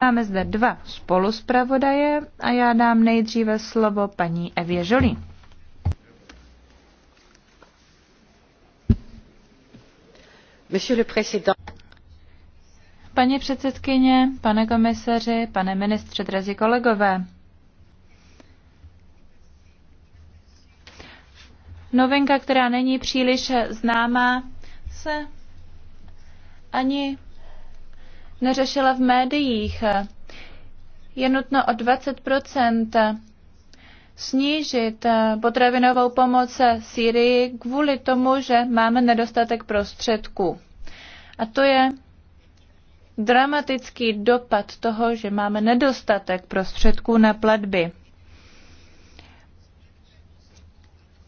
Máme zde dva spoluspravodaje a já dám nejdříve slovo paní Evě Žolí. Paní předsedkyně, pane komisaři, pane ministře, drazí kolegové. Novinka, která není příliš známá, se ani neřešila v médiích. Je nutno o 20 snížit potravinovou pomoc Syrii kvůli tomu, že máme nedostatek prostředků. A to je dramatický dopad toho, že máme nedostatek prostředků na platby.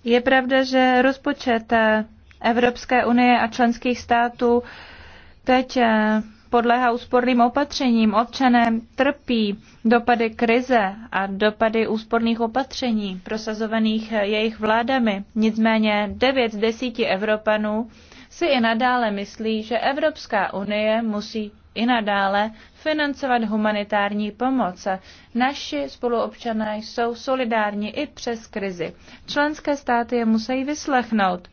Je pravda, že rozpočet Evropské unie a členských států teď podléhá úsporným opatřením. Občané trpí dopady krize a dopady úsporných opatření prosazovaných jejich vládami. Nicméně 9 z 10 Evropanů si i nadále myslí, že Evropská unie musí i nadále financovat humanitární pomoc. Naši spoluobčané jsou solidární i přes krizi. Členské státy je musí vyslechnout.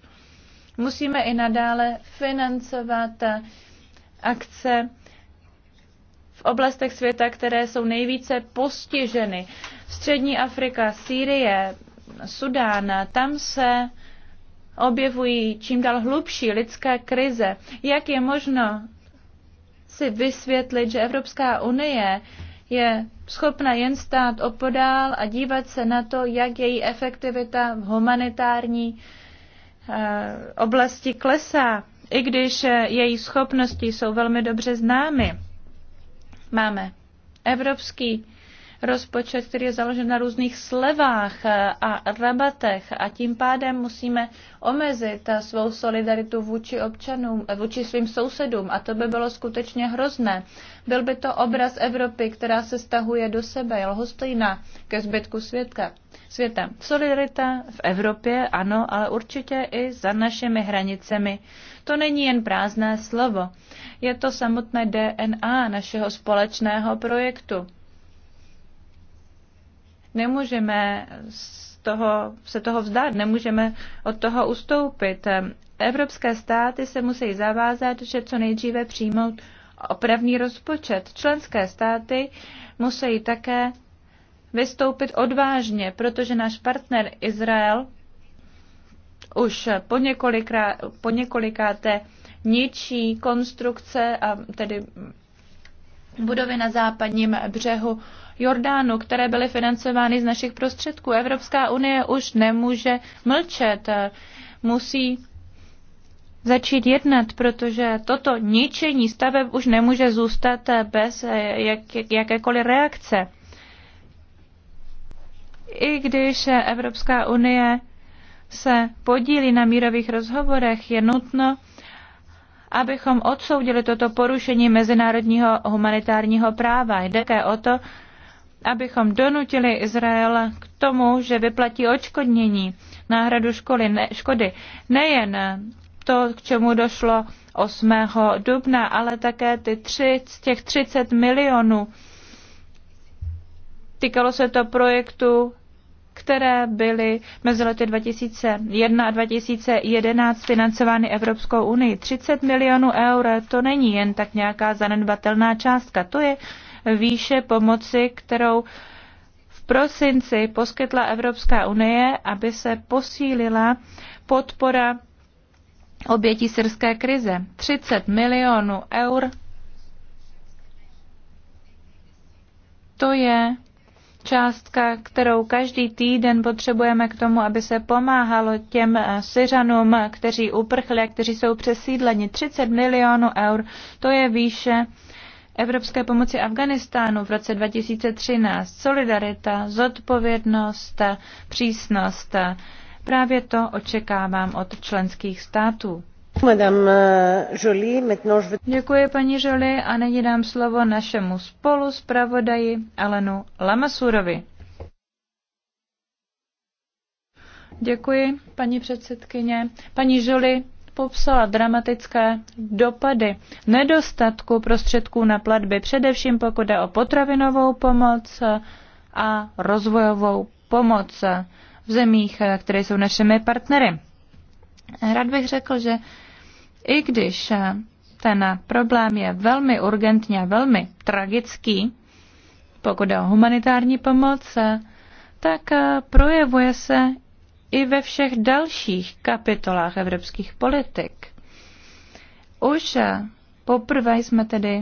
Musíme i nadále financovat akce v oblastech světa, které jsou nejvíce postiženy. Střední Afrika, Sýrie, Sudán, tam se objevují čím dál hlubší lidské krize. Jak je možno si vysvětlit, že Evropská unie je schopna jen stát opodál a dívat se na to, jak její efektivita v humanitární eh, oblasti klesá i když její schopnosti jsou velmi dobře známy. Máme evropský rozpočet, který je založen na různých slevách a rabatech a tím pádem musíme omezit svou solidaritu vůči občanům, vůči svým sousedům a to by bylo skutečně hrozné. Byl by to obraz Evropy, která se stahuje do sebe, je lhostejná ke zbytku světka. světa. Solidarita v Evropě, ano, ale určitě i za našimi hranicemi. To není jen prázdné slovo. Je to samotné DNA našeho společného projektu. Nemůžeme z toho, se toho vzdát, nemůžeme od toho ustoupit. Evropské státy se musí zavázat, že co nejdříve přijmout opravný rozpočet. Členské státy musí také vystoupit odvážně, protože náš partner Izrael už po, několikrát, po několikáté ničí konstrukce a tedy budovy na západním břehu Jordánu, které byly financovány z našich prostředků. Evropská unie už nemůže mlčet, musí začít jednat, protože toto ničení staveb už nemůže zůstat bez jak, jakékoliv reakce. I když Evropská unie se podílí na mírových rozhovorech, je nutno, abychom odsoudili toto porušení mezinárodního humanitárního práva. Jde také o to, abychom donutili Izrael k tomu, že vyplatí odškodnění, náhradu školy, ne, škody. Nejen to, k čemu došlo 8. dubna, ale také ty tři, z těch 30 milionů. Týkalo se to projektu které byly mezi lety 2001 a 2011 financovány Evropskou unii. 30 milionů eur to není jen tak nějaká zanedbatelná částka. To je výše pomoci, kterou v prosinci poskytla Evropská unie, aby se posílila podpora obětí syrské krize. 30 milionů eur to je částka, kterou každý týden potřebujeme k tomu, aby se pomáhalo těm eh, Syřanům, kteří uprchli a kteří jsou přesídleni. 30 milionů eur, to je výše evropské pomoci Afganistánu v roce 2013. Solidarita, zodpovědnost, přísnost. Eh, právě to očekávám od členských států. Eh, Děkuji paní Žoli a nyní dám slovo našemu spolu zpravodaji Alenu Lamasurovi. Děkuji, paní předsedkyně. Paní Žoli popsala dramatické dopady nedostatku prostředků na platby, především pokud jde o potravinovou pomoc a rozvojovou pomoc v zemích, eh, které jsou našimi partnery. Rád bych řekl, že i když eh, ten problém je velmi urgentně, velmi tragický, pokud je o humanitární pomoc, eh, tak eh, projevuje se i ve všech dalších kapitolách evropských politik. Už poprvé jsme tedy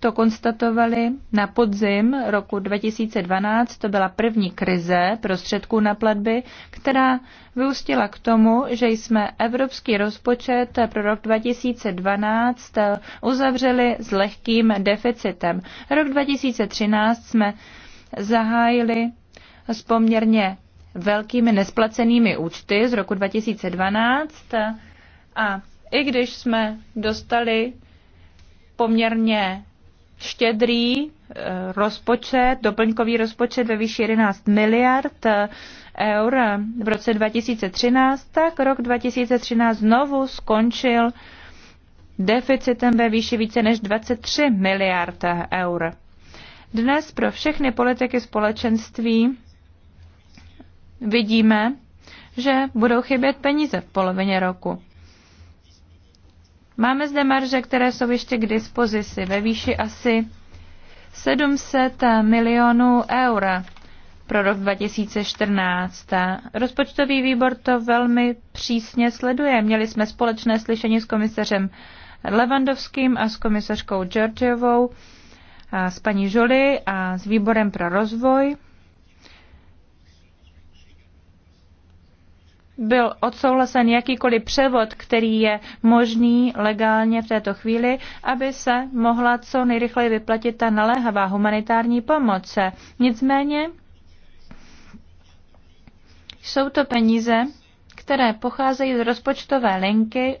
to konstatovali na podzim roku 2012. To byla první krize prostředků na platby, která vyústila k tomu, že jsme evropský rozpočet pro rok 2012 uzavřeli s lehkým deficitem. Rok 2013 jsme zahájili s poměrně velkými nesplacenými účty z roku 2012 a i když jsme dostali poměrně štědrý eh, rozpočet, doplňkový rozpočet ve výši 11 miliard eh, eur v roce 2013, tak rok 2013 znovu skončil deficitem ve výši více než 23 miliard eh, eur. Dnes pro všechny politiky společenství vidíme, že budou chybět peníze v polovině roku. Máme zde marže, které jsou ještě k dispozici ve výši asi 700 milionů eur pro rok 2014. Rozpočtový výbor to velmi přísně sleduje. Měli jsme společné slyšení s komisařem Levandovským a s komisařkou Georgiovou, a s paní Žuly a s výborem pro rozvoj. byl odsouhlasen jakýkoliv převod, který je možný legálně v této chvíli, aby se mohla co nejrychleji vyplatit ta naléhavá humanitární pomoc. Nicméně jsou to peníze, které pocházejí z rozpočtové linky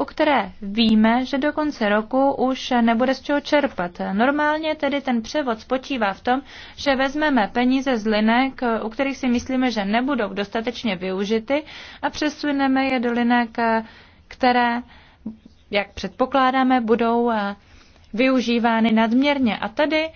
u které víme, že do konce roku už nebude z čeho čerpat. Normálně tedy ten převod spočívá v tom, že vezmeme peníze z linek, u kterých si myslíme, že nebudou dostatečně využity a přesuneme je do linek, které, jak předpokládáme, budou eh, využívány nadměrně. A tady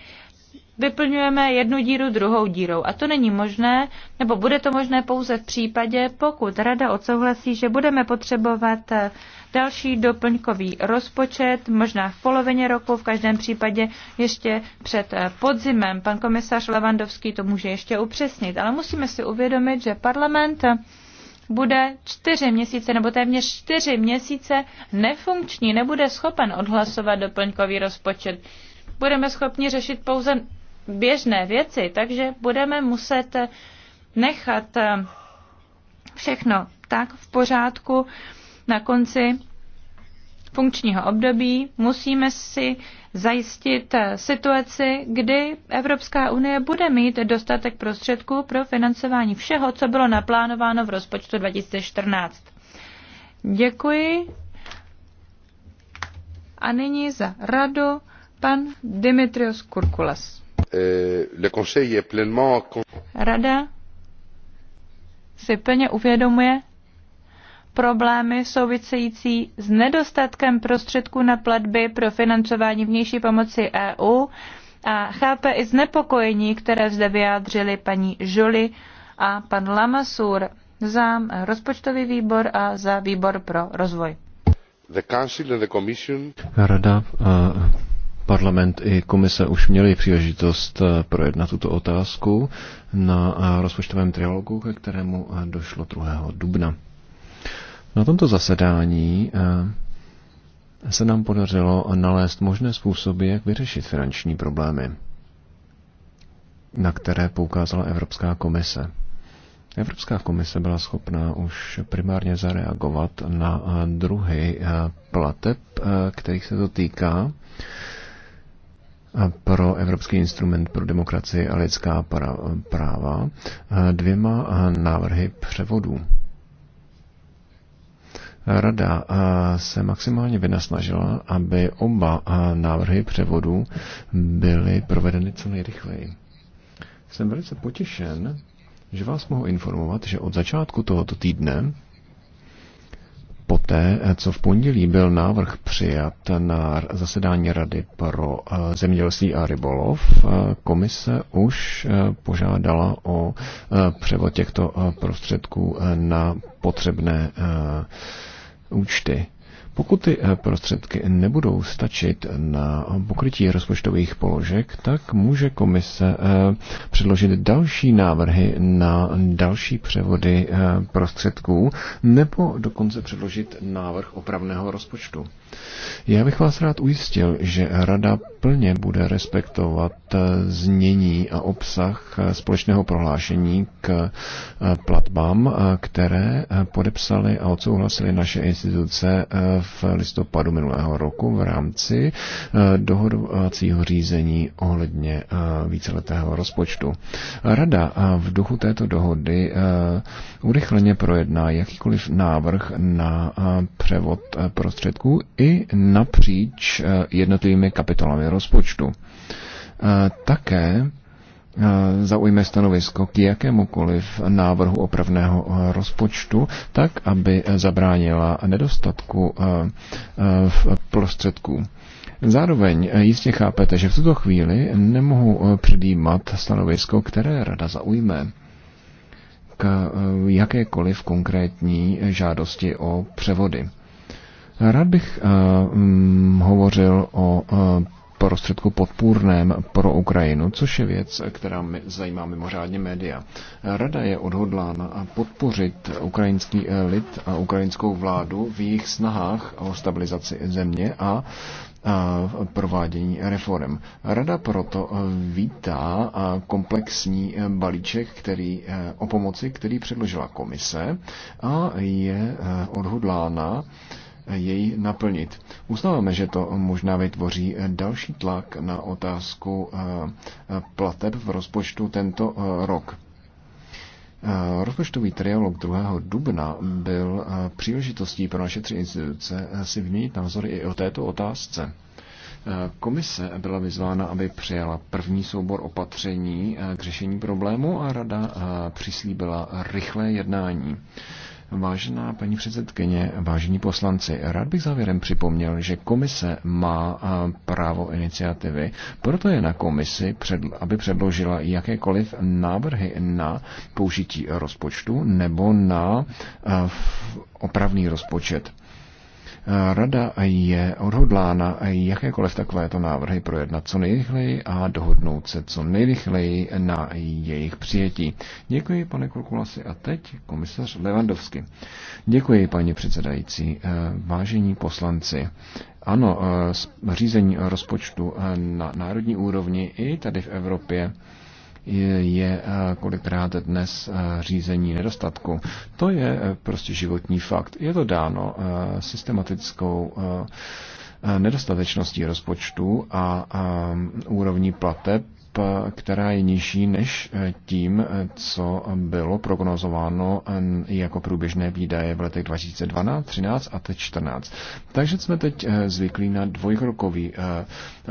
vyplňujeme jednu díru druhou dírou. A to není možné, nebo bude to možné pouze v případě, pokud Rada odsouhlasí, že budeme potřebovat eh, další doplňkový rozpočet, možná v polovině roku, v každém případě ještě před eh, podzimem. Pan komisař Levandovský to může ještě upřesnit, ale musíme si uvědomit, že parlament eh, bude čtyři měsíce nebo téměř čtyři měsíce nefunkční, nebude schopen odhlasovat doplňkový rozpočet. Budeme schopni řešit pouze běžné věci, takže budeme muset nechat všechno tak v pořádku na konci funkčního období. Musíme si zajistit situaci, kdy Evropská unie bude mít dostatek prostředků pro financování všeho, co bylo naplánováno v rozpočtu 2014. Děkuji. A nyní za radu pan Dimitrios Kurkulas. Euh, Rada si plně uvědomuje problémy související s nedostatkem prostředků na platby pro financování vnější pomoci EU a chápe i znepokojení, které zde vyjádřili paní Žuli a pan Lamasur za rozpočtový výbor a za výbor pro rozvoj. The the Council and Rada uh, Parlament i komise už měli příležitost eh, projednat tuto otázku na eh, rozpočtovém trialogu, ke kterému eh, došlo 2. dubna. Na tomto zasedání se nám podařilo nalézt možné způsoby, jak vyřešit finanční problémy, na které poukázala Evropská komise. Evropská komise byla schopná už primárně zareagovat na druhy plateb, kterých se to týká, pro Evropský instrument pro demokracii a lidská práva dvěma návrhy převodů. Rada se maximálně vynasnažila, aby oba návrhy převodu byly provedeny co nejrychleji. Jsem velice potěšen, že vás mohu informovat, že od začátku tohoto týdne poté, eh, co v pondělí byl návrh přijat na zasedání Rady pro eh, zemědělství a rybolov, eh, komise už požádala o převod těchto prostředků na potřebné účty. Pokud ty eh, prostředky nebudou stačit na pokrytí rozpočtových položek, tak může komise eh, předložit další návrhy na další převody eh, prostředků nebo dokonce předložit návrh opravného rozpočtu. Já bych vás rád ujistil, že Rada plně bude respektovat eh, znění a obsah eh, společného prohlášení k eh, platbám, které podepsali a odsouhlasili naše instituce v listopadu minulého roku v rámci dohodovacího řízení ohledně víceletého rozpočtu. Rada v duchu této dohody urychleně projedná jakýkoliv návrh na převod prostředků i napříč eh, jednotlivými kapitolami rozpočtu. Eh, také eh, zaujme stanovisko k jakémukoliv návrhu opravného rozpočtu, tak aby zabránila nedostatku v prostředků. Zároveň jistě chápete, že v tuto chvíli nemohu předjímat stanovisko, které rada zaujme k jakékoliv konkrétní žádosti o převody. Rád bych um, hovořil o uh, prostředku podpůrném pro Ukrajinu, což je věc, která mi zajímá mimořádně média. Rada je odhodlána podpořit ukrajinský eh, lid a ukrajinskou vládu v jejich snahách o stabilizaci země a provádění reform. Rada proto vítá komplexní balíček, který o pomoci, který předložila komise a je odhodlána jej naplnit. Uznáváme, že to možná vytvoří další tlak na otázku eh, plateb v rozpočtu tento eh, rok. Eh, rozpočtový trialog 2. dubna byl příležitostí pro naše tři instituce si vyměnit názory i o této otázce. Komise byla vyzvána, aby přijala první soubor opatření k řešení problému a rada přislíbila rychlé jednání. Vážená paní předsedkyně, vážení poslanci, rád bych závěrem připomněl, že komise má právo iniciativy, proto je na komisi, aby předložila jakékoliv návrhy na použití rozpočtu nebo na opravný rozpočet. Rada je odhodlána jakékoliv takovéto návrhy projednat co nejrychleji a dohodnout se co nejrychleji na jejich přijetí. Děkuji, pane Kurkulasi. A teď komisař Levandovsky. Děkuji, paní předsedající. Eh, vážení poslanci, ano, eh, řízení rozpočtu eh, na národní úrovni i tady v Evropě je eh, kolikrát dnes eh, řízení nedostatku. To je eh, prostě životní fakt. Je to dáno systematickou nedostatečností rozpočtu a úrovní plateb která je nižší než eh, tím, eh, co bylo prognozováno eh, jako průběžné výdaje v letech 2012, 13 a teď 14. Takže jsme teď zvyklí na dvojkrokový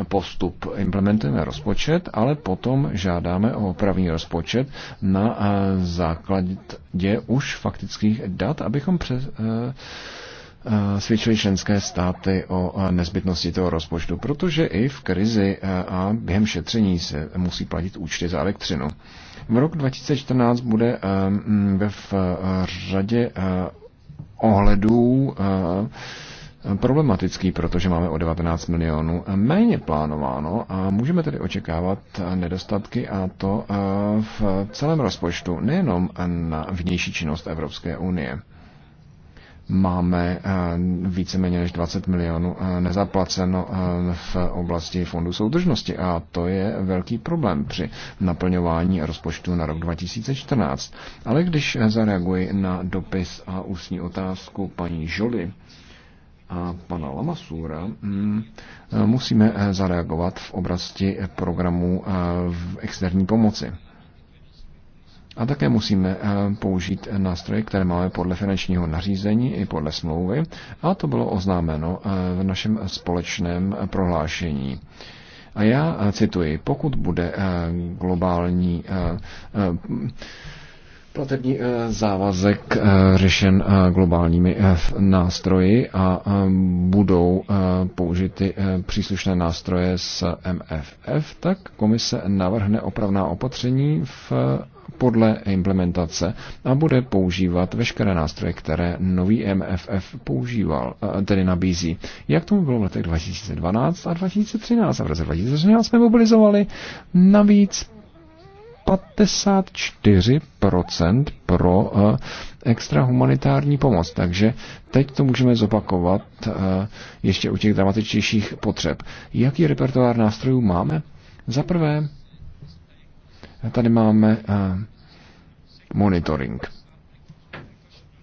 postup. Implementujeme rozpočet, ale potom žádáme o opravný rozpočet na základě už faktických dat, abychom přes Eh, svědčily členské státy o eh, nezbytnosti toho rozpočtu, protože i v krizi eh, a během šetření se musí platit účty za elektřinu. V rok 2014 bude mm, ve v řadě ohledů problematický, protože máme o 19 milionů méně plánováno a můžeme tedy očekávat nedostatky a to v celém rozpočtu, nejenom na vnější činnost Evropské unie máme eh, víceméně než 20 milionů eh, nezaplaceno eh, v oblasti fondu soudržnosti a to je velký problém při naplňování rozpočtu na rok 2014. Ale když zareaguji na dopis a ústní otázku paní Žoli, a pana Lamasura hmm, musíme zareagovat v oblasti programu v externí pomoci. A také musíme eh, použít nástroje, které máme podle finančního nařízení i podle smlouvy. A to bylo oznámeno eh, v našem společném prohlášení. A já eh, cituji, pokud bude globální platební závazek řešen globálními nástroji a budou použity příslušné nástroje z MFF, tak komise navrhne opravná opatření v podle implementace a bude používat veškeré nástroje, které nový MFF používal, tedy nabízí. Jak tomu bylo v letech 2012 a 2013? A v roce 2013 jsme mobilizovali navíc 54% pro extra humanitární pomoc. Takže teď to můžeme zopakovat ještě u těch dramatičtějších potřeb. Jaký repertoár nástrojů máme? Za prvé, Tady máme eh, monitoring.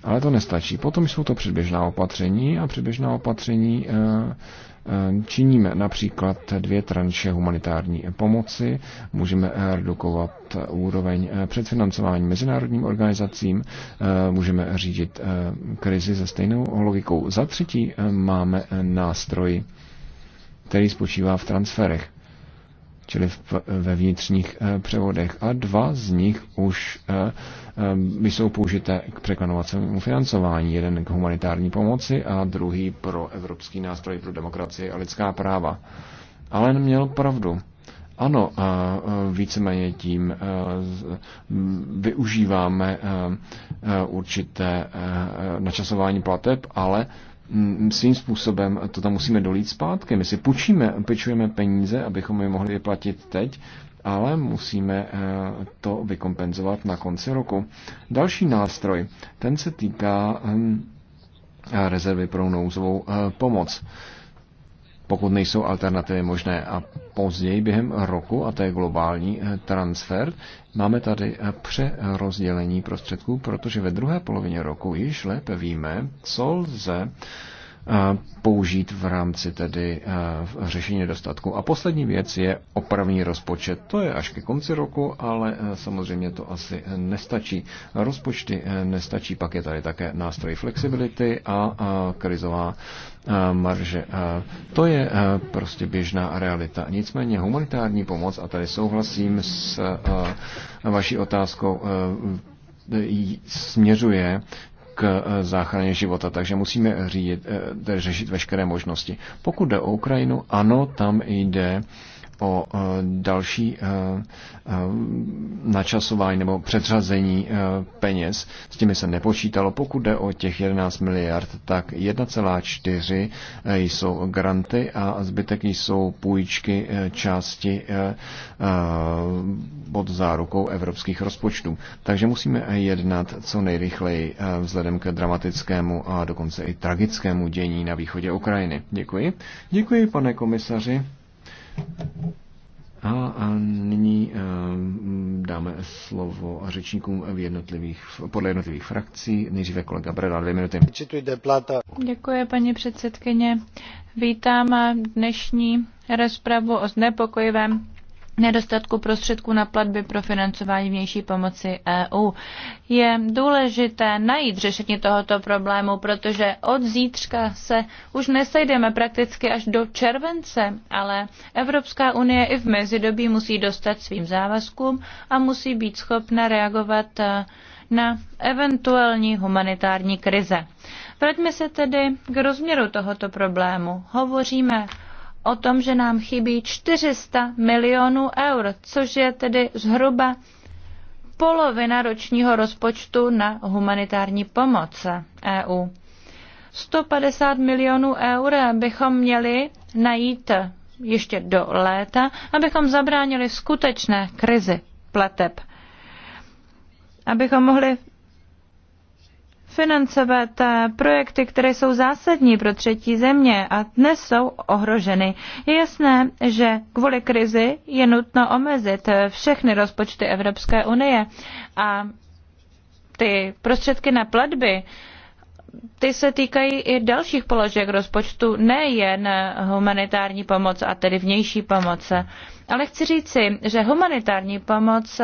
Ale to nestačí. Potom jsou to předběžná opatření a předběžná opatření eh, eh, činíme například dvě tranše humanitární pomoci, můžeme redukovat úroveň předfinancování mezinárodním organizacím, můžeme řídit krizi se stejnou logikou. Za třetí máme nástroj, který spočívá v transferech čili ve vnitřních eh, převodech. A dva z nich už eh, eh, jsou použité k překlenovacímu financování. Jeden k humanitární pomoci a druhý pro Evropský nástroj pro demokracii a lidská práva. Ale měl pravdu. Ano, víceméně tím využíváme určité načasování plateb, ale svým způsobem to tam musíme dolít zpátky. My si půjčíme, pečujeme peníze, abychom je mohli vyplatit teď, ale musíme eh, to vykompenzovat na konci roku. Další nástroj, ten se týká hm, rezervy pro nouzovou eh, pomoc pokud nejsou alternativy možné. A později během roku, a to je globální eh, transfer, máme tady eh, přerozdělení prostředků, protože ve druhé polovině roku již lépe víme, co lze použít v rámci tedy řešení nedostatku. A poslední věc je opravní rozpočet. To je až ke konci roku, ale samozřejmě to asi nestačí. Rozpočty nestačí, pak je tady také nástroj flexibility a krizová marže. To je prostě běžná realita. Nicméně humanitární pomoc, a tady souhlasím s vaší otázkou, směřuje k eh, záchraně života, takže musíme řídit, eh, řešit veškeré možnosti. Pokud jde o Ukrajinu, ano, tam jde o e, další e, e, načasování nebo předřazení peněz. S těmi se nepočítalo. Pokud jde o těch 11 miliard, tak 1,4 jsou granty a zbytek jsou půjčky části pod zárukou evropských rozpočtů. Takže musíme jednat co nejrychleji vzhledem k dramatickému a dokonce i tragickému dění na východě Ukrajiny. Děkuji. Děkuji, pane komisaři. A, a nyní um, dáme slovo řečníkům v jednotlivých, podle jednotlivých frakcí. Nejdříve kolega Breda, dvě minuty. Děkuji, paní předsedkyně. Vítám dnešní rozpravu o znepokojivém nedostatku prostředků na platby pro financování vnější pomoci EU. Je důležité najít řešení tohoto problému, protože od zítřka se už nesejdeme prakticky až do července, ale Evropská unie i v mezidobí musí dostat svým závazkům a musí být schopna reagovat eh, na eventuální humanitární krize. Vraťme se tedy k rozměru tohoto problému. Hovoříme o tom, že nám chybí 400 milionů eur, což je tedy zhruba polovina ročního rozpočtu na humanitární pomoc EU. 150 milionů eur bychom měli najít ještě do léta, abychom zabránili skutečné krizi plateb. Abychom mohli financovat eh, projekty, které jsou zásadní pro třetí země a dnes jsou ohroženy. Je jasné, že kvůli krizi je nutno omezit eh, všechny rozpočty Evropské unie a ty prostředky na platby, ty se týkají i dalších položek rozpočtu, nejen eh, humanitární pomoc a tedy vnější pomoc. Ale chci říci, že humanitární pomoc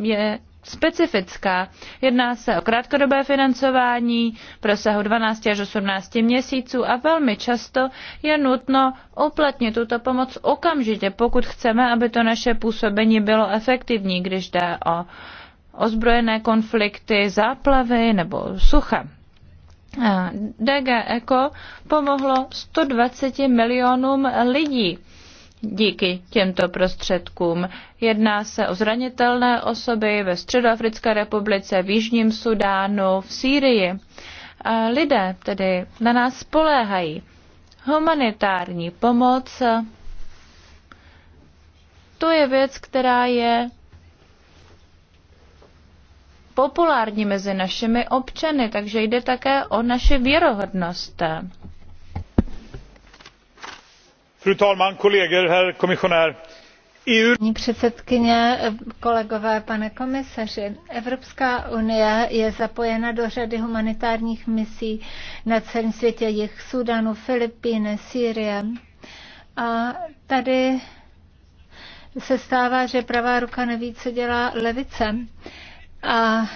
je specifická. Jedná se o krátkodobé financování prosahu 12 až 18 měsíců a velmi často je nutno uplatnit tuto pomoc okamžitě, pokud chceme, aby to naše působení bylo efektivní, když jde o ozbrojené konflikty, záplavy nebo sucha. DG Eco pomohlo 120 milionům lidí díky těmto prostředkům. Jedná se o zranitelné osoby ve Středoafrické republice, v Jižním Sudánu, v Sýrii. A lidé tedy na nás spoléhají. Humanitární pomoc, to je věc, která je populární mezi našimi občany, takže jde také o naše věrohodnost. Fru talman, kolleger, herr e Paní předsedkyně, kolegové, pane komisaři, Evropská unie je zapojena do řady humanitárních misí na celém světě, jich Sudanu, Filipíny, Sýrie. A tady se stává, že pravá ruka neví, co dělá levice. A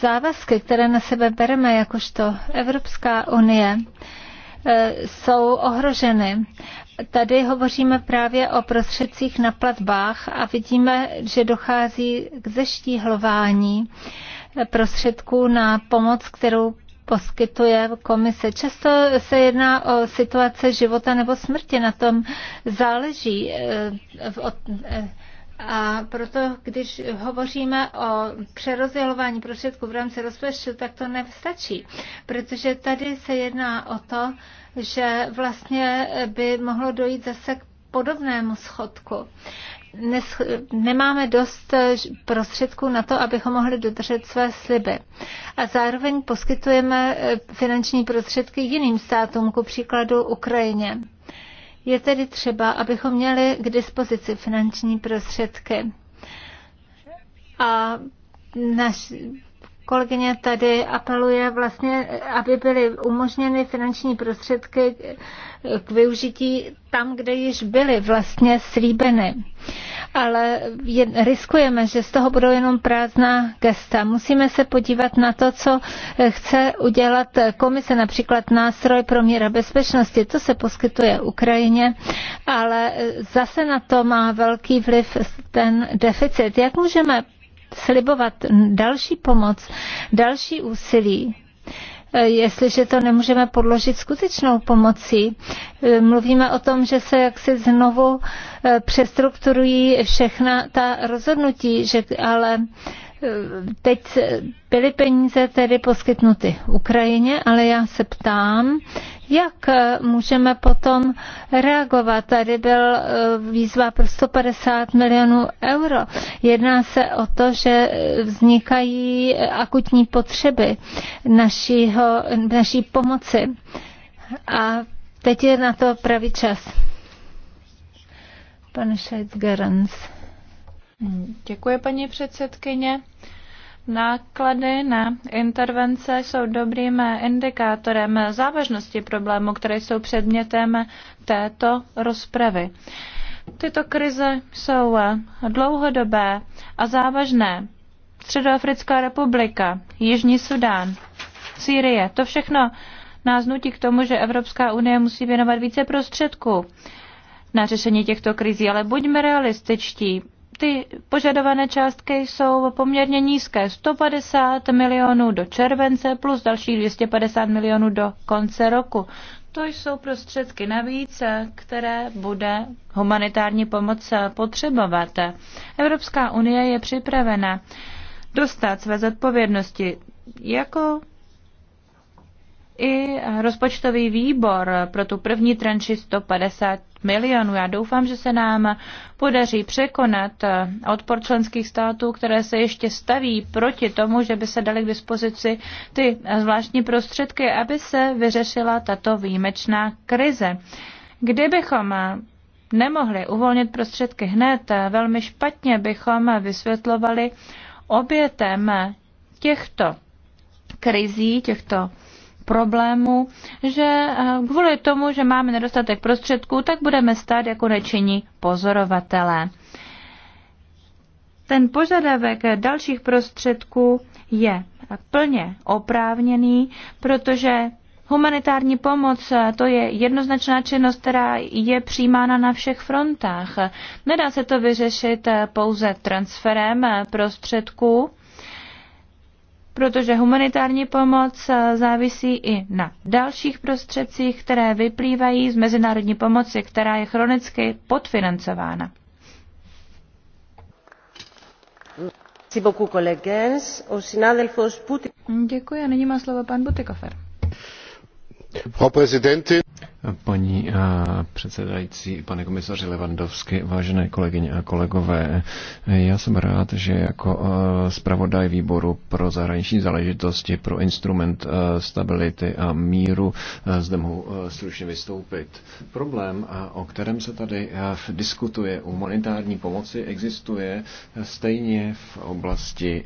závazky, které na sebe bereme jakožto Evropská unie, E, jsou ohroženy. Tady hovoříme právě o prostředcích na platbách a vidíme, že dochází k zeštíhlování prostředků na pomoc, kterou poskytuje komise. Často se jedná o situace života nebo smrti, na tom záleží e, e, a proto, když hovoříme o přerozdělování prostředků v rámci rozpočtu, tak to nestačí, protože tady se jedná o to, že vlastně by mohlo dojít zase k podobnému schodku nes, nemáme dost prostředků na to, abychom mohli dodržet své sliby. A zároveň poskytujeme finanční prostředky jiným státům, ku příkladu Ukrajině. Je tedy třeba, abychom měli k dispozici finanční prostředky. A naš, Kolegyně tady apeluje vlastně, aby byly umožněny finanční prostředky k využití tam, kde již byly vlastně slíbeny. Ale je, riskujeme, že z toho budou jenom prázdná gesta. Musíme se podívat na to, co chce udělat komise, například nástroj pro míra bezpečnosti. To se poskytuje Ukrajině, ale zase na to má velký vliv ten deficit. Jak můžeme slibovat další pomoc, další úsilí e, jestliže to nemůžeme podložit skutečnou pomocí. E, mluvíme o tom, že se jaksi znovu e, přestrukturují všechna ta rozhodnutí, že, ale Teď byly peníze tedy poskytnuty Ukrajině, ale já se ptám, jak můžeme potom reagovat? Tady byl eh, výzva pro 150 milionů euro. Jedná se o to, že vznikají akutní potřeby našího, naší pomoci. A teď je na to pravý čas. Pane Scheitz Gerens. Děkuji, paní předsedkyně. Náklady na intervence jsou dobrým indikátorem závažnosti problémů, které jsou předmětem této rozpravy. Tyto krize jsou dlouhodobé a závažné. Středoafrická republika, Jižní Sudán, Sýrie, to všechno nás nutí k tomu, že Evropská unie musí věnovat více prostředků na řešení těchto krizí, ale buďme realističtí. Ty požadované částky jsou poměrně nízké. 150 milionů do července plus dalších 250 milionů do konce roku. To jsou prostředky navíc, které bude humanitární pomoc potřebovat. Evropská unie je připravena dostat své zodpovědnosti jako i rozpočtový výbor pro tu první tranši 150 milionů. Já doufám, že se nám podaří překonat eh, odpor členských států, které se ještě staví proti tomu, že by se dali k dispozici ty zvláštní prostředky, aby se vyřešila tato výjimečná krize. Kdybychom nemohli uvolnit prostředky hned, eh, velmi špatně bychom vysvětlovali obětem těchto krizí, těchto problému, že eh, kvůli tomu, že máme nedostatek prostředků, tak budeme stát jako nečení pozorovatelé. Ten požadavek dalších prostředků je plně oprávněný, protože Humanitární pomoc eh, to je jednoznačná činnost, která je přijímána na všech frontách. Nedá se to vyřešit eh, pouze transferem prostředků protože humanitární pomoc eh, závisí i na dalších prostředcích, které vyplývají z mezinárodní pomoci, která je chronicky podfinancována. Děkuji a nyní má slovo pan Butikofer. Paní eh, předsedající, pane komisaři Levandovsky, vážené kolegyně a kolegové, já jsem rád, že jako eh, zpravodaj výboru pro zahraniční záležitosti, pro instrument eh, stability a míru zde mohu stručně vystoupit. Problém, o kterém se tady diskutuje u monetární pomoci, existuje stejně v oblasti,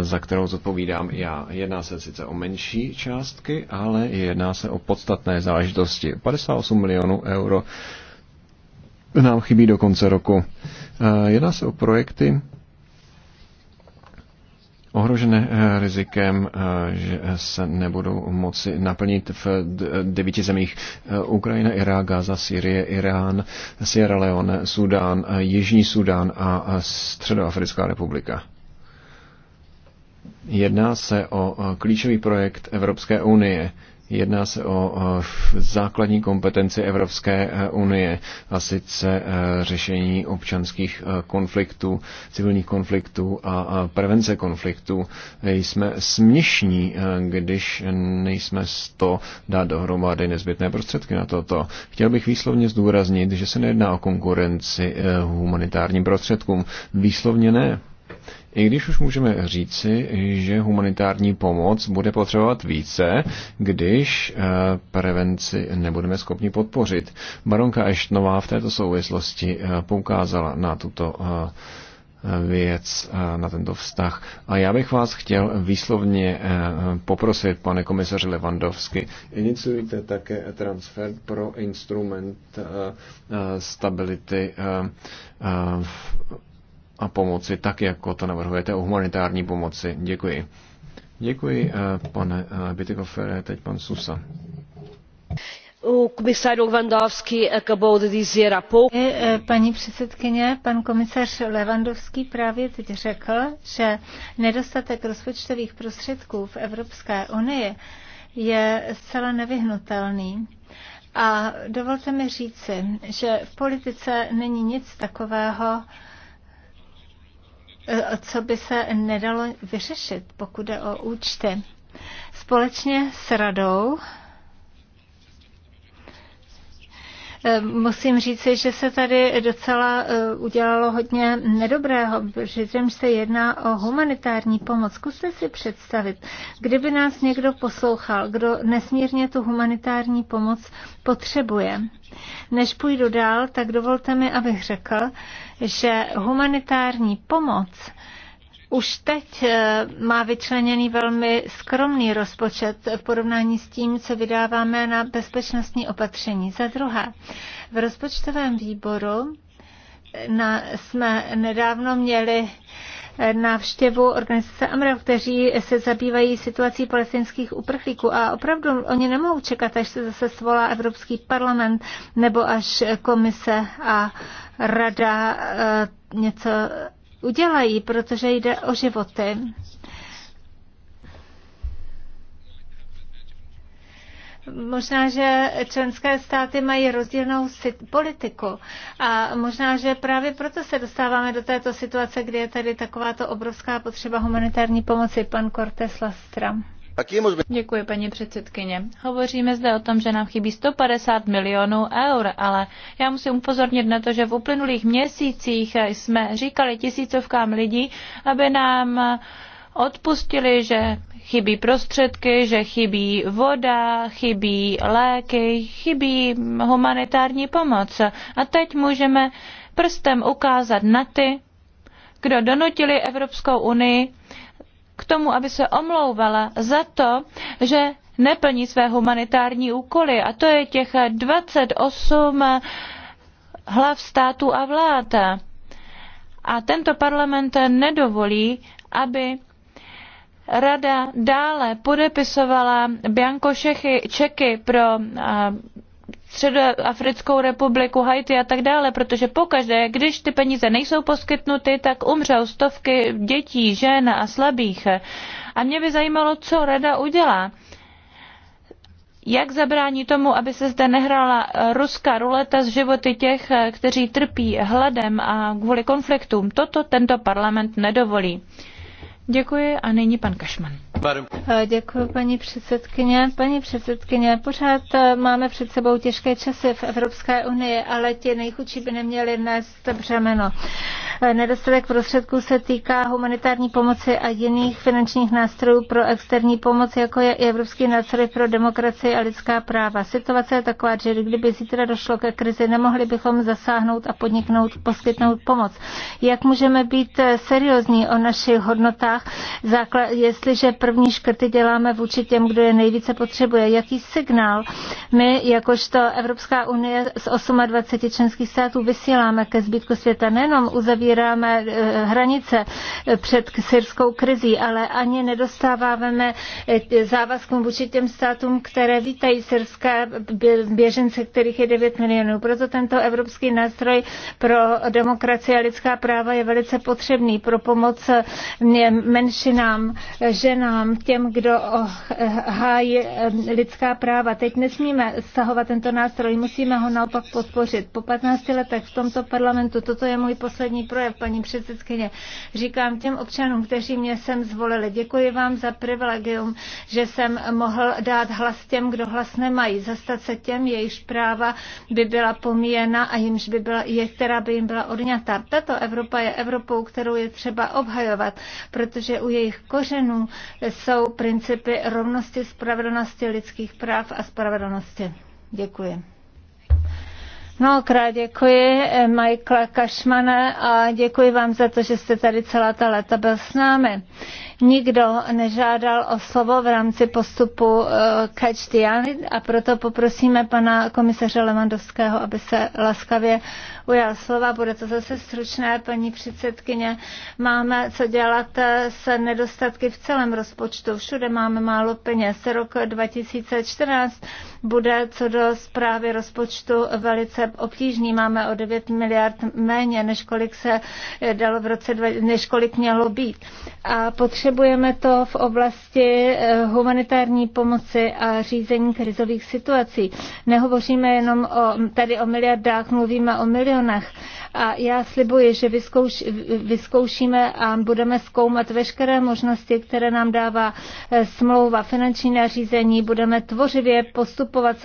za kterou zodpovídám já. Jedná se sice o menší částky, ale jedná se o podstatné záležitosti nemovitosti. 58 milionů euro nám chybí do konce roku. Eh, jedná se o projekty ohrožené eh, rizikem, eh, že se nebudou moci naplnit v devíti zemích Ukrajina, Irák, Gaza, Syrie, Irán, Sierra Leone, Sudán, Jižní Sudán a Středoafrická republika. Jedná se o klíčový projekt Evropské unie, Jedná se o základní kompetenci Evropské e, unie a sice e, řešení občanských e, konfliktů, civilních konfliktů a prevence konfliktů. Jsme směšní, když nejsme z to dát dohromady nezbytné prostředky na toto. Chtěl bych výslovně zdůraznit, že se nejedná o konkurenci humanitárním prostředkům. Výslovně ne. I když už můžeme říci, že humanitární pomoc bude potřebovat více, když eh, prevenci nebudeme schopni podpořit. Baronka Eštnová v této souvislosti eh, poukázala na tuto eh, věc, na tento vztah. A já bych vás chtěl výslovně poprosit, pane komisaři Levandovsky, iniciujte také transfer pro instrument stability a pomoci, tak jako to navrhujete o humanitární pomoci. Děkuji. Děkuji, eh, pane eh, Bitekofere, teď pan Susa. O Lewandowski eh, acabou de dizer há pouco. Paní předsedkyně, pan komisař Lewandowski právě teď řekl, že nedostatek rozpočtových prostředků v Evropské unii je zcela nevyhnutelný. A dovolte mi říci, že v politice není nic takového, Eh, co by se nedalo vyřešit, pokud jde o účty. Společně s radou Eh, musím říct, že se tady docela eh, udělalo hodně nedobrého, protože se jedná o humanitární pomoc. Zkuste si představit, kdyby nás někdo poslouchal, kdo nesmírně tu humanitární pomoc potřebuje. Než půjdu dál, tak dovolte mi, abych řekl, že humanitární pomoc už teď eh, má vyčleněný velmi skromný rozpočet v porovnání s tím, co vydáváme na bezpečnostní opatření. Za druhé, v rozpočtovém výboru eh, na, jsme nedávno měli eh, návštěvu organizace AMREL, kteří se zabývají situací palestinských uprchlíků. A opravdu oni nemohou čekat, až se zase svolá Evropský parlament nebo až komise a rada něco udělají, protože jde o životy. Možná, že členské státy mají rozdílnou politiku a možná, že právě proto se dostáváme do této situace, kdy je tady takováto obrovská potřeba humanitární pomoci. Pan Cortes Lastra. Děkuji, paní předsedkyně. Hovoříme zde o tom, že nám chybí 150 milionů eur, ale já musím upozornit na to, že v uplynulých měsících jsme říkali tisícovkám lidí, aby nám odpustili, že chybí prostředky, že chybí voda, chybí léky, chybí humanitární pomoc. A teď můžeme prstem ukázat na ty, kdo donutili Evropskou unii tomu, aby se omlouvala za to, že neplní své humanitární úkoly. A to je těch 28 hlav států a vlád. A tento parlament nedovolí, aby Rada dále podepisovala bianko čeky pro Středoafrickou republiku, Haiti a tak dále, protože pokaždé, když ty peníze nejsou poskytnuty, tak umřou stovky dětí, žen a slabých. A mě by zajímalo, co rada udělá. Jak zabrání tomu, aby se zde nehrála ruská ruleta s životy těch, kteří trpí hladem a kvůli konfliktům? Toto tento parlament nedovolí. Děkuji a nyní pan Kašman. Eh, děkuji, paní předsedkyně. Paní předsedkyně, pořád eh, máme před sebou těžké časy v Evropské unii, ale ti nejchudší by neměli nést břemeno. Eh, nedostatek prostředků se týká humanitární pomoci a jiných finančních nástrojů pro externí pomoc, jako je i Evropský nástroj pro demokracii a lidská práva. Situace je taková, že kdyby zítra došlo ke krizi, nemohli bychom zasáhnout a podniknout, poskytnout pomoc. Jak můžeme být seriózní o našich hodnotách, jestliže prv první škrty děláme vůči těm, kdo je nejvíce potřebuje. Jaký signál my, jakožto Evropská unie z 28 členských států, vysíláme ke zbytku světa? Nenom uzavíráme eh, hranice eh, před syrskou krizí, ale ani nedostáváme eh, závazkům vůči těm státům, které vítají syrské běžence, kterých je 9 milionů. Proto tento evropský nástroj pro demokracii a lidská práva je velice potřebný pro pomoc menšinám, ženám, Um, těm, kdo oh, hájí um, lidská práva. Teď nesmíme stahovat tento nástroj, musíme ho naopak podpořit. Po 15 letech v tomto parlamentu, toto je můj poslední projev, paní předsedkyně, říkám těm občanům, kteří mě sem zvolili, děkuji vám za privilegium, že jsem mohl dát hlas těm, kdo hlas nemají, zastat se těm, jejichž práva by byla pomíjena a jimž by byla, je, která by jim byla odňata. Tato Evropa je Evropou, kterou je třeba obhajovat, protože u jejich kořenů jsou principy rovnosti, spravedlnosti lidských práv a spravedlnosti. Děkuji. Mnohokrát děkuji eh, Michaela Kašmane a děkuji vám za to, že jste tady celá ta léta byl s námi. Nikdo nežádal o slovo v rámci postupu eh, Catch the Eye a proto poprosíme pana komisaře Levandovského, aby se laskavě ujal slova. Bude to zase stručné, paní předsedkyně. Máme co dělat eh, s nedostatky v celém rozpočtu. Všude máme málo peněz. Rok 2014 bude co do zprávy rozpočtu velice obtížný. Máme o 9 miliard méně, než kolik se eh, dalo v roce, než kolik mělo být. A potřeba Potřebujeme to v oblasti eh, humanitární pomoci a řízení krizových situací. Nehovoříme jenom o, tady o miliardách, mluvíme o milionech. A já slibuji, že vyzkouš, vyzkoušíme a budeme zkoumat veškeré možnosti, které nám dává eh, smlouva finanční nařízení. Budeme tvořivě postupovat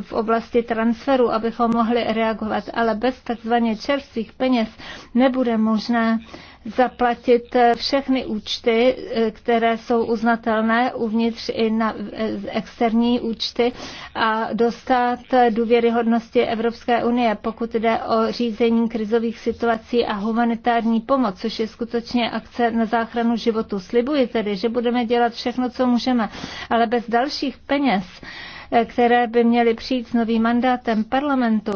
v oblasti transferu, abychom mohli reagovat. Ale bez takzvaně čerstvých peněz nebude možné zaplatit eh, všechny účty, eh, které jsou uznatelné uvnitř i na eh, externí účty a dostat důvěryhodnosti Evropské unie, pokud jde o řízení krizových situací a humanitární pomoc, což je skutečně akce na záchranu životu. Slibuji tedy, že budeme dělat všechno, co můžeme, ale bez dalších peněz které by měly přijít s novým mandátem parlamentu,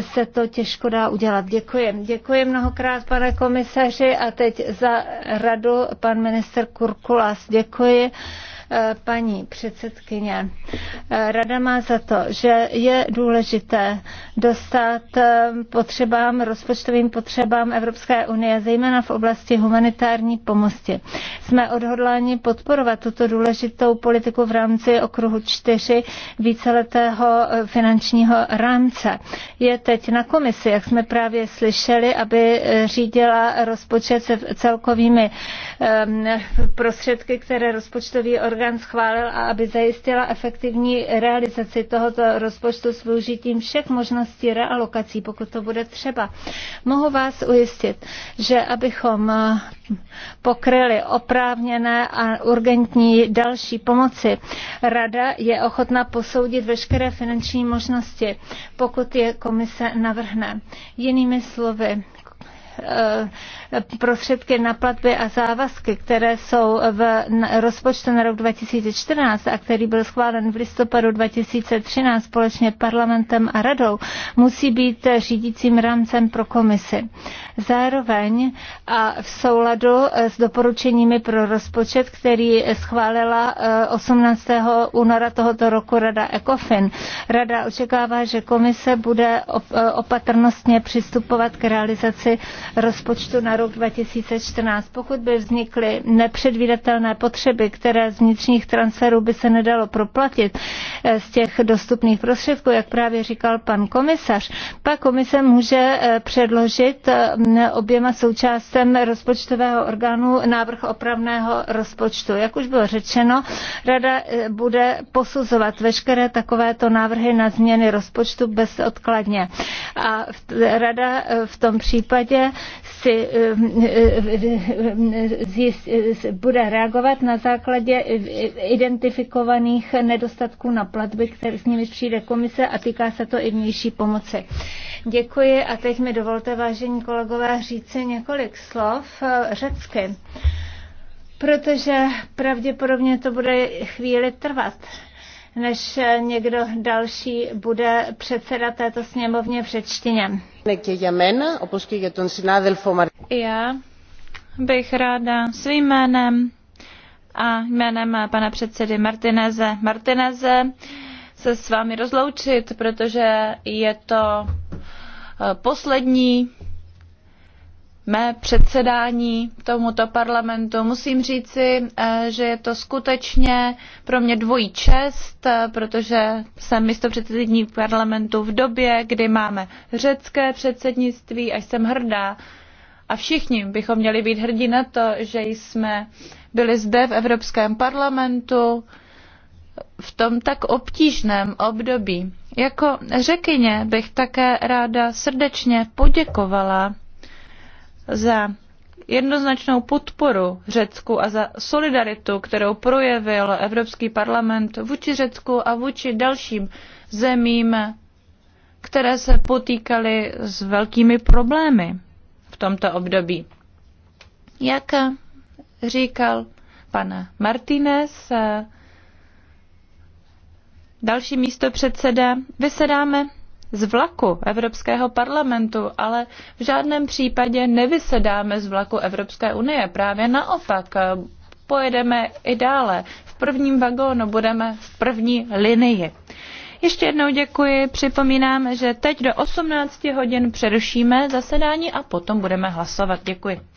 se to těžko dá udělat. Děkuji. Děkuji mnohokrát, pane komisaři, a teď za radu pan minister Kurkulas. Děkuji. Eh, paní předsedkyně. Eh, rada má za to, že je důležité dostat eh, potřebám, rozpočtovým potřebám Evropské unie, zejména v oblasti humanitární pomoci. Jsme odhodláni podporovat tuto důležitou politiku v rámci okruhu čtyř víceletého finančního rámce. Je teď na komisi, jak jsme právě slyšeli, aby řídila rozpočet se celkovými prostředky, které rozpočtový orgán orgán schválil a aby zajistila efektivní realizaci tohoto rozpočtu s využitím všech možností realokací, pokud to bude třeba. Mohu vás ujistit, že abychom eh, pokryli oprávněné a urgentní další pomoci, Rada je ochotna posoudit veškeré finanční možnosti, pokud je komise navrhne. Jinými slovy, Eh, prostředky na platby a závazky, které jsou v rozpočtu na rok 2014 a který byl schválen v listopadu 2013 společně parlamentem a radou, musí být řídícím rámcem pro komisi. Zároveň a v souladu s doporučeními pro rozpočet, který schválila 18. Eh, února tohoto roku Rada ECOFIN. Rada očekává, že komise bude eh, opatrnostně přistupovat k realizaci rozpočtu na rok 2014. Pokud by vznikly nepředvídatelné potřeby, které z vnitřních transferů by se nedalo proplatit eh, z těch dostupných prostředků, jak právě říkal pan komisař, pak komise může eh, předložit eh, oběma součástem rozpočtového orgánu návrh opravného rozpočtu. Jak už bylo řečeno, rada bude posuzovat veškeré takovéto návrhy na změny rozpočtu bezodkladně a rada e, v tom případě si e, e, bude reagovat na základě identifikovaných nedostatků na platby, které s nimi přijde komise a týká se to i vnější pomoci. Děkuji a teď mi dovolte, vážení kolegové, říci několik slov řecky, protože pravděpodobně to bude chvíli trvat, než někdo další bude předseda této sněmovně v řečtině. Já bych ráda svým jménem a jménem pana předsedy Martineze Martineze se s vámi rozloučit, protože je to eh, poslední mé předsedání tomuto parlamentu. Musím říci, eh, že je to skutečně pro mě dvojí čest, eh, protože jsem místo předsední parlamentu v době, kdy máme řecké předsednictví a jsem hrdá. A všichni bychom měli být hrdí na to, že jsme byli zde v Evropském parlamentu v tom tak obtížném období. Jako řekyně bych také ráda srdečně poděkovala za jednoznačnou podporu Řecku a za solidaritu, kterou projevil Evropský parlament vůči Řecku a vůči dalším zemím, které se potýkaly s velkými problémy v tomto období. Jak říkal pan Martinez, další místo předseda, vysedáme z vlaku Evropského parlamentu, ale v žádném případě nevysedáme z vlaku Evropské unie. Právě naopak, pojedeme i dále. V prvním vagónu budeme v první linii. Ještě jednou děkuji. Připomínám, že teď do 18 hodin přerušíme zasedání a potom budeme hlasovat. Děkuji.